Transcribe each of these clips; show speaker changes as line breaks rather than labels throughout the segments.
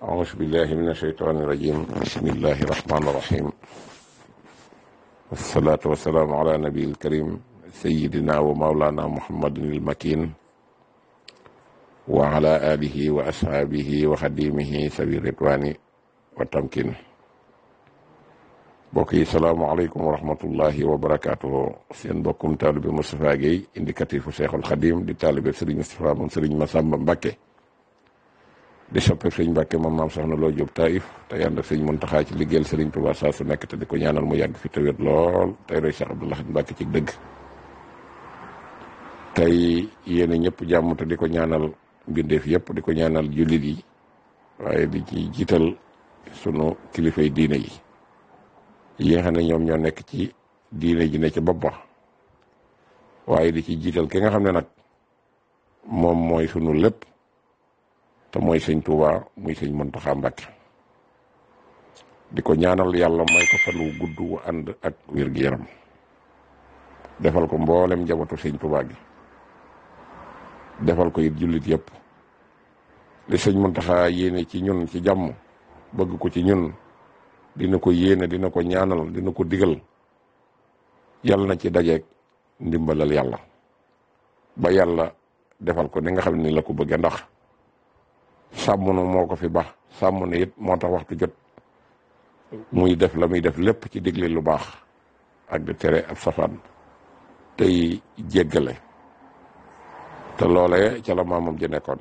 أعوذ بالله من الشيطان الرجيم بسم الله الرحمن الرحيم والصلاة والسلام على نبي الكريم سيدنا ومولانا محمد المكين وعلى آله وأصحابه وخديمه سبيل الرضوان والتمكين mbokk yi salaamaaleykum wa rahmatullahi wa barakaatuhu seen bokkum taalibe Moustapha Guèye indicatif u Cheikhul Khadim di taalibe Serigne Moustapha moom Serigne Massamba Mbacké di soppeeku sëñ Mbàkke moom maam soxna loo Jóob Taïf tey ànd ak sëñ Muntaxaa ci liggéeyal sëriñ Tuubaa saa a nekk te di ko ñaanal mu yàgg fi te wér lool tey roy Cheikh Abdou Lahad Mbàkke ci dëgg tey yéen ñëpp jàmm te di ko ñaanal mbindeef yëpp di ko ñaanal jullit yi waaye di ci jiital sunu kilifay diine yi yi nga xam ne ñoom ñoo nekk ci diine ji ne ci bopp ba waaye di ci jiital ki nga xam ne nag moom mooy sunu lépp te mooy sëñ Touba muy sëñ Mountakha Mbacké di ko ñaanal yàlla mooy ko fan gudd wu ànd ak wér yaram defal ko mboolem njabootu sëñ Touba gi defal ko it jullit yépp li sëñ Mountakha yéene ci ñun ci jàmm bëgg ko ci ñun dina ko yéene dina ko ñaanal dina ko digal yàlla na ci dajeeg ndimbalal yàlla ba yàlla defal ko ni nga xam ni la ko bëggee ndax. sàmm moo ko fi baax sàmm nu it moo tax waxtu jot muy def la muy def lépp ci digle lu baax ak di tere ab safaan tey jéggale te loole ca la maamam ji nekkoon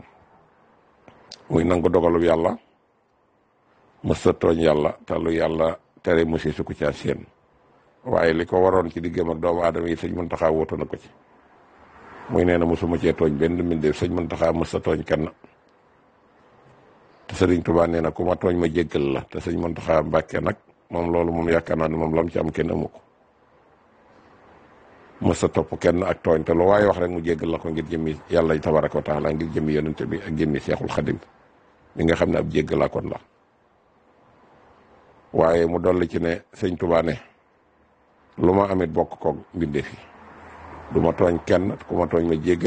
muy nangu dogalub yàlla mësta tooñ yàlla te lu yàlla tere musi su ko caa seen waaye li ko waroon ci diggam ak doomu aadama yi sëñ Muntaxa wootu na ko ci muy nee na mosuma cee tooñ benn mbindeef sëñ Muntaxa mësta tooñ kenn te Serigne Touba na ku ma tooñ ma jéggal la te sëñ Mountakha Mbacké nag moom loolu yaakaar naa moom lam ci am kenn amu ko topp kenn ak tooñ te waaye wax rek mu jéggal la ko ngir jëmmi yàlla tabaraka wa taala ngir jëmmi yonente bi ak jëmmi seexul xadim mi nga xam ne ab jéggalaakoon la waaye mu dolli ci ne sëñ lu ma amit bokk koog mbindeef yi du ma tooñ kenn ku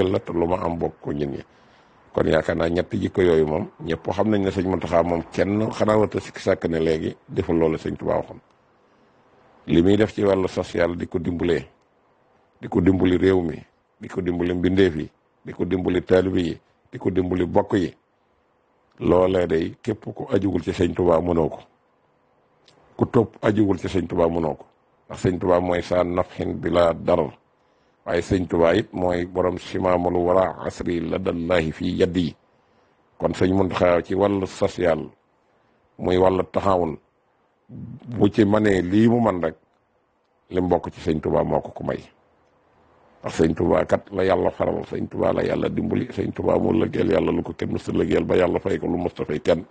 la te lu ma am bokk ko ñun kon yaakaar naa ñett jikko yooyu moom ñëpp xam nañ ne sëñ Mountakha moom kenn xanaa warta sikki sàkk ne léegi deful loolu sëñ Tuubaa waxoon li muy def ci wàllu social di ko dimbalee di ko dimbali réew mi di ko dimbali mbindeef yi di ko dimbali taalibe yi di ko dimbali bokk yi loole day képp ku ajugul ci sëñ Tuubaa mënoo ko ku topp ajugul ci sëñ Tuubaa mënoo ko ndax sëñ Tuubaa mooy saa nafxin bi laa darar waaye sëñ Tuubaa it mooy borom simaamul wara asri ladallahi fii yadd yi kon sëñ Muntaxa ci wàllu social muy wàllu taxawun bu ci manee lii mu man rek li mbokk ci sëñ Tuubaa moo ko ko may ndax sëñ Tuubaa kat la yàlla faral sëñ Tuubaa la yàlla dimbali sëñ Tuubaa moo lëggeel yàlla lu ko kenn mësta lëggeel ba yàlla fay ko lu mësta fay kenn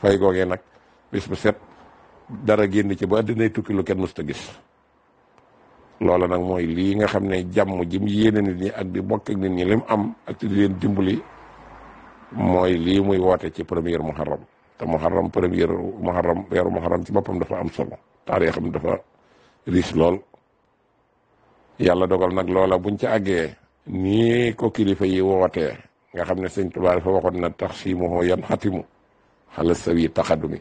fay googee nag bis bu set dara génn ci ba addinay tukki lu kenn mësta gis loola nag mooy lii nga xam ne jàmm jim yéene nit ñi ak di bokk ak nit ñi lim am ak di leen dimbali mooy lii muy woote ci premier muharram te muharram premier muharram weeru muharram ci boppam dafa am solo taarixam dafa riche lool yàlla dogal nag loola buñ ci àggee nii ko kilifa yi wootee nga xam ne sëñ Tuubaa dafa waxoon na tax si mu yan xatimu xala sawi taxadumi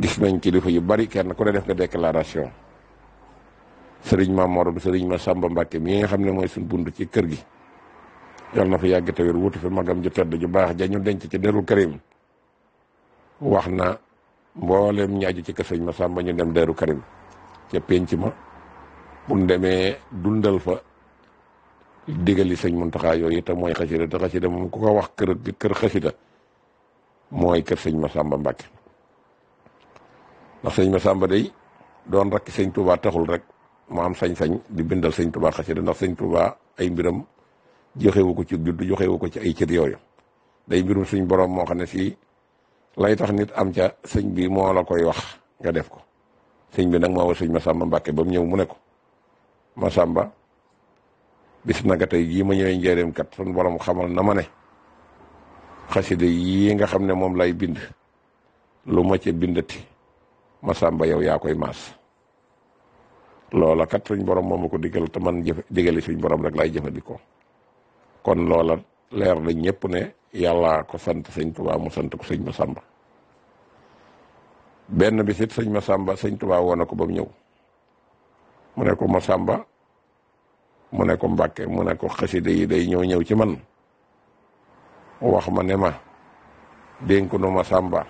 gis nañ kilifa yu bari kenn ku ne def nga déclaration sëriñ ma Mor sëriñ ma Samba Mbacke mi nga xam ne mooy suñ bunt ci kër gi yal na fi yàgg te wér wutu fi magam ju ju baax ja ñu denc ci derul karim wax na mboolem ñaaju ci kër sëriñ ma sàmba ñu dem deru karim ca penc ma buñ demee dundal fa digali sëñ mun Muntaxa yooyu itam mooy xasida te xasida moom ku ko wax kër kër xasida mooy kër sëñ ma Samba Mbacke ndax sëñ ma Samba day doon rakk sëñ Tuubaa taxul rek mu am sañ-sañ di bindal sëñ Tuubaa xasida ndax sëñ Tuubaa ay mbiram joxewu ko ci judd joxewu ko ci ay cër yooyu day mbirum suñ borom moo xam ne si lay tax nit am ca sëñ bi moo la koy wax nga def ko sëñ bi nag moo war sëñ Masamba Mbàkke ba mu ñëw mu ne ko Masamba bis naka tey jii ma ñëwee njëreem kat suñ borom xamal na ma ne xasida yii nga xam ne moom lay bind lu ma ca bindati Masamba yow yaa koy maas loola kat suñ borom moom ma ko digal te man jëf digale suñ borom rek lay jëfandikoo kon loola leer nañ ñëpp ne yàllaa ko sant sëñ tubaa mu sant ko sëñ Masamba benn bis it sëñ Masamba sëñ tubaa woona ko ba ñëw mu ne ko Masamba mu ne ko Mbàkke mu ne ko xaside yi day ñëw ñëw ci man wax ma ne ma dénk nu Masamba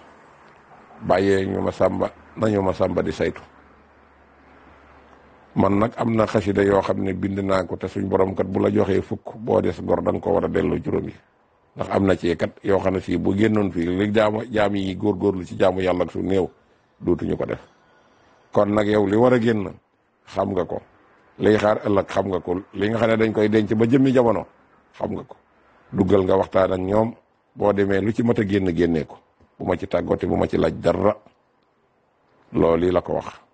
bàyyee ñu Masamba nañu Masamba di saytu man nag am na xasida yoo xam ne bind naa ko te suñ borom kat bu la joxee fukk boo des gor da nga ko war a delloo juróomi ndax am na ci kat yoo xam ne fii bu génnoon fii li jaamu jaam yi góorgóorlu ci jaamu yàlla ak su néew dootuñu ko def kon nag yow li war a génn xam nga ko liy xaar ëllëg xam nga ko li nga xam ne dañ koy denc ba jëmmi jamono xam nga ko dugal nga waxtaan ak ñoom boo demee lu ci mat a génn génnee ko bu ma ci tàggoote bu ma ci laaj dara loolu la ko wax.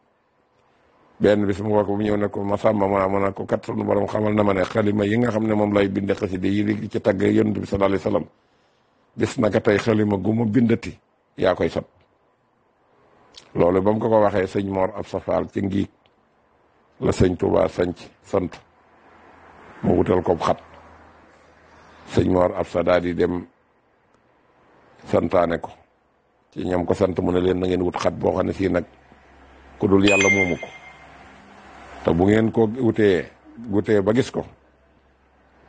benn bis mu woo ko bu ñëw ne ko Masamba mu naa mu naa ko kat sunu borom xamal na ma ne xalima yi nga xam ne moom lay a xasida yi di ci tagg yonent bi sallallahu alayhi wasallam bis naka tey xalima gu ma bindati yaa koy sot loolu ba ko ko waxee sëñ Mor ab safaal ci ngiig la sëñ Touba sanc sant mu wutal ko xat sëñ ab sa dem santaane ko ci ñam ko sant mu ne leen na ngeen wut xat boo xam ne sii nag ku dul yàlla moomu ko te bu ngeen ko wutee wutee ba gis ko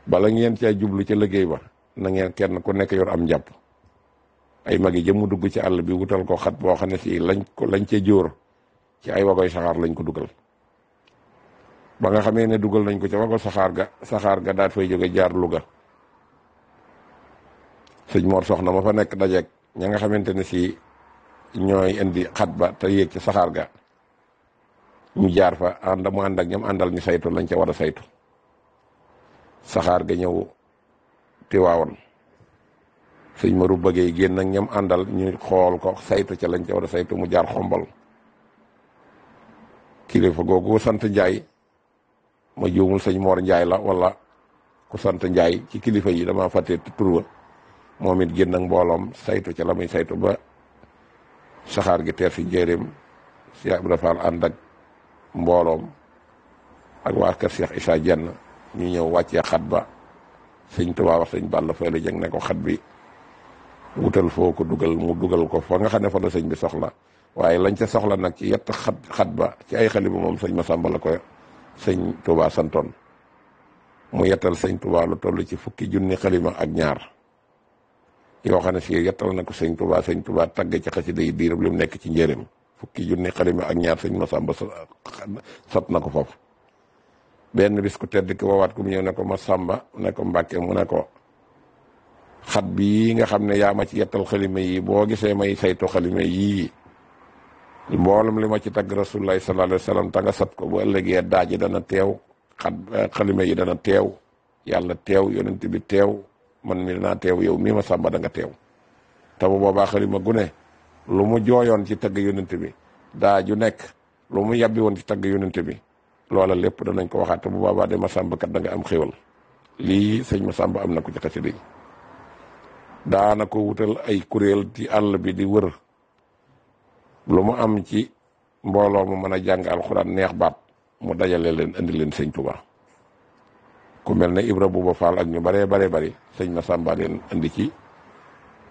bala ngeen caa jublu ca liggéey ba na ngeen kenn ku nekk yor am njàpp ay mag yi mu dugg ci àll bi wutal ko xat boo xam ne si lañ ko lañ ca jóor ci ay wagoy saxaar lañ ko dugal ba nga xamee ne dugal nañ ko ca wago saxaar ga saxaar ga daat fay jóge jaar luga sëñ Mor soxna ma fa nekk dajeeg ña nga xamante ne si ñooy indi xat ba te yéeg ci saxaar ga mu jaar fa ànd mu ànd ak ñoom àndal ñu saytu lañ ca war a saytu saxaar ga ñëw tiwaawoon sëñ maru bëggee génn ak ñoom àndal ñu xool ko saytu ca lañ ca war a saytu mu jaar xombal kilifa googu sant Njaay ma juumul sëñ Moor Njaay la walla ku sant Njaay ci kilifa yi dama fàtte turwa moom it génn ak mbooloom saytu ca la muy saytu ba saxaar gi teer si njëriñ si Abdou Fall ànd ak mbooloom ak waa kër Cheikh Issa Dieng ñu ñëw wàccee xat ba sëñ Tuubaa wax sëñ Balla Fay la jëng ne ko xat bi wutal foo ko dugal mu dugal ko fa nga xam ne fa la sëñ bi soxla waaye lañ ca soxla nag ci yett xat ba ci ay xalibu moom sëñ Masamba la koy sëñ Tuubaa santoon mu yettal sëñ Tuubaa lu toll ci fukki junni xalima ak ñaar yoo xam ne si yettal na ko sëñ Tuubaa sëñ Tuubaa tagg ci xasida yi diirab lu mu nekk ci njëriñ fukki junni xalima ak ñaar sëñ Masamba sat na ko foofu benn bis ku tedd ki woowaat ku mu ñëw ne ko ma ne ko Mbàkke mu ne ko xat bii nga xam ne yaa ma ci yettal xalime yi boo gisee may saytu xalima yii mboolum li ma ci tagg rasulullahi sallallahu alayhi wa sallam sat ko bu ëllëgee daaj yi dana teew xat eh, xalime yi dana teew yàlla teew yonent bi teew man mi danaa teew yow mii Masamba da nga teew te bu boobaa xalima lu mu jooyoon ci tagg yonent bi daa ju nekk lu mu yabbi woon ci tagg yonent bi loola lépp danañ ko waxaat te bu boobaa de Masamba kat da nga am xéwal lii sëñ Masamba am na ko ci xasida yi daana ko wutal ay kuréel ci àll bi di wër lu mu am ci mbooloo mu mën a jàng alxuraan neex baat mu dajale leen indi leen sëñ Tuba ku mel ne Ibra Buuba Faal ak ñu baree baree bari sëñ Masamba leen indi ci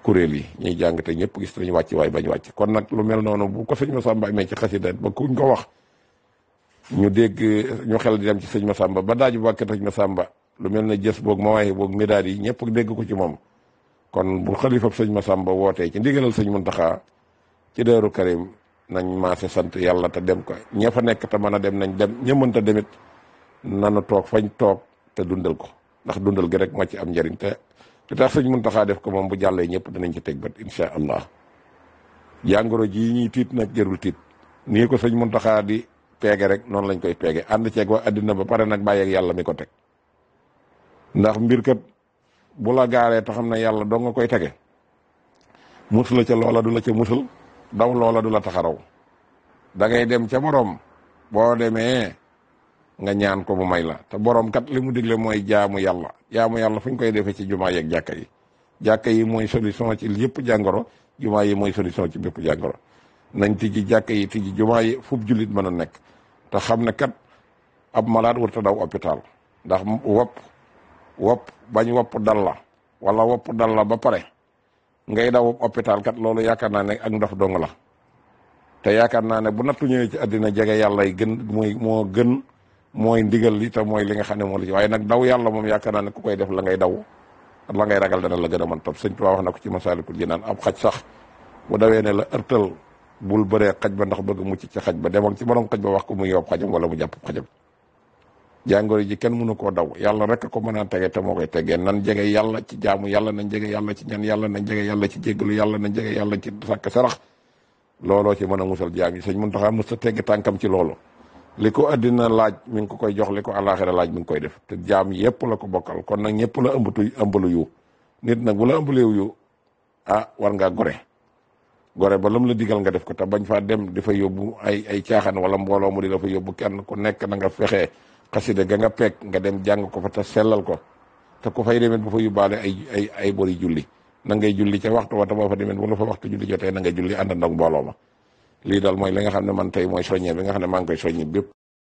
kuréel yi ñuy jàng te ñëpp gis nañu wàcc waaye bañ wàcc kon nag lu mel noonu bu ko sëñ Masamba amee ci xasida ba kuñ ko wax ñu dégg ñu xel di dem ci sëñ Masamba ba daaju ba kër sëñ Masamba lu mel ne jës boog mawaaye boog midaad yi ñëpp dégg ko ci moom kon bu xalifab sëñ Masamba wootee ci ndigalal sëñ Muntaxa ci Daaru Karim nañ maase sant yàlla te dem ko ña fa nekk te mën a dem nañ dem ña mënta demit nanu toog fañ toog te dundal ko ndax dundal am njëriñ te tax sëñ Muntaxa def ko moom bu jàllee ñëpp danañ ci teg bët incha allah jàngoro ji ñii tiit nag jërul tiit nii ko sëñ Muntaxa di peege rek noonu lañ koy peege ànd ceeg waa àddina ba pare nag bàyyeeg yàlla mi ko teg ndax mbir kat bu la gaaree te xam ne yàlla doo nga koy tege musula ca loola du la ca musul daw loola du la taxaraw da ngay dem ca morom boo demee nga ñaan ko mu may la te borom kat li mu digle mooy jaamu yàlla jaamu yàlla fu ñu koy defee ci jumaa yeeg jàkka yi jàkka yi mooy solution ci yëpp jàngoro jumaa yi mooy solution ci bépp jàngoro nañ tijji jàkka yi tijji jumaa yi fu julit mën a nekk ta xam ne kat ab malade warut a daw hôpital ndax wopp wopp bañ wop dal la wala wopp dal la ba pare ngay daw hôpital kat loolu yaakaar naa ne ak ndox dong la te yaakaar naa ne bu nattu ñëwee ci àddina jege yàlla yi gën mooy moo gën mooy ndigal li te mooy li nga xam ne moo la ci waaye nag daw yàlla moom yaakaar naa ne koy def la ngay daw la ngay ragal dana la gën a mën topp sëñ Tuubaa wax na ko ci Masaalikul Jinaan ab xaj sax bu dawee ne la ërtal bul bare xaj ba ndax bëgg mucc ci xaj ba demal ci borom xaj ba wax ko mu yob xajam wala mu jàpp xajam jàngoro ji kenn mënu koo daw yàlla rek ko mën a tege te moo koy tegee nan jege yàlla ci jaamu yàlla nañ jege yàlla ci ñan yàlla nañ jege yàlla ci jéggalu yàlla nañ jege yàlla ci sàkk sarax looloo ci mën a musal jaam yi sëñ Muntaxa mës ta tegg tànkam ci loolu li ko àddina laaj mi ngi ko koy jox li ko àllaaxira laaj mi ngi koy def te jaam yépp la ko bokkal kon nag ñëpp la ëmbatu ëmbalu yu nit nag bu la ëmbalee yu a ah, war ngaa gore gore ba lam la digal nga def ko te bañ faa dem di fa yóbbu ay ay caaxaan wala mbooloo mu di la fa yóbbu kenn ku nekk na nga fexe xasida ga nga peeg nga dem jàng ko fa te sellal ko te ku fay demet bu fa yóbbaale ay ay ay bori julli na ngay julli ca waxtu wa te boo fa demet bu la fa waxtu julli jotee na nga julli ànd ma lii daal mooy li nga xam ne man tey mooy soññee bi nga xam ne maa koy soññi bépp